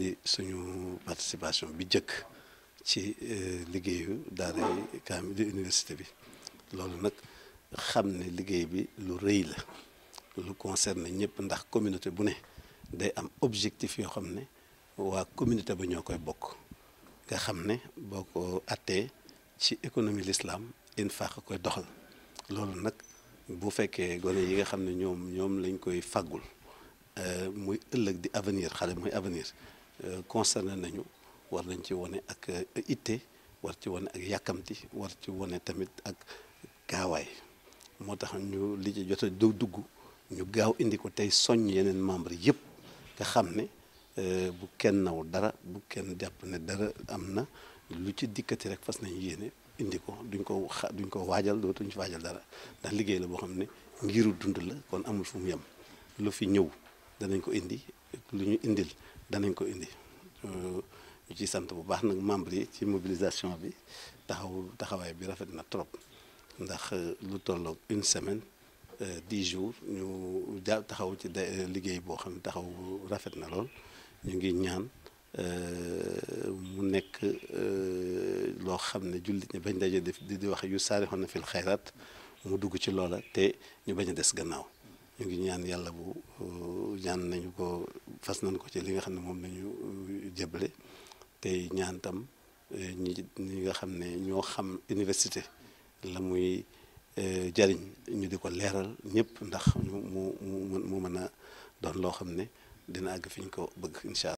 ni suñu participation bi jëkk ci euh, liggéeyu daara kaamil di université bi loolu nag xam ne liggéey bi lu rëy la lu concerne ñëpp ndax communauté bu ne day am objectif yoo xam ne waa communauté ba ñoo koy bokk nga xam ne boo ko attee ci économie l'islam infaq koy doxal loolu nag bu fekkee gone yi nga xam ne ñoom ñoom lañ koy fàggul euh, muy ëllëg di avenir xale muy avenir Euh, concerné nañu war nañ ci wane ak euh, itte war ci wane ak yàkkamti war ci wane tamit ak gaawaay moo tax ñu li ci jot a dugg ñu gaaw indi ko tey soññ yeneen membre yëpp nga xam ne euh, bu kenn naw dara bu kenn jàpp ne dara am na lu ci dikkati rek fas nañ yéene indi ko duñ ko xa duñ ko waajal dootuñ ci waajal dara ndax liggéey la boo xam ne ngiru dund la kon amul fu mu yem lu fi ñëw danañ ko indi lu ñu indil danañ ko indi ñu ci sant bu baax nag membre yi ci mobilisation bi taxaw taxawaay bi rafet na trop ndax lu tolloog une semaine dix jours ñu taxaw ci liggéey boo xam ne taxaw rafet na lool ñu ngi ñaan mu nekk loo xam ne jullit ñi bañ daje def di wax yu saarixoon na fil xayraat mu dugg ci loola te ñu bañ a des gannaaw ñu ngi ñaan yàlla bu ñaan nañu ko fas nañ ko ci li nga xam ne moom nañu euh, jëbale tey ñaan tam euh, ñi nga xam ne ñoo xam université la muy euh, jariñ ñu di ko leeral ñëpp ndax mu mu mu mën a doon loo xam ne dina àgg fi ñu ko bëgg incha allah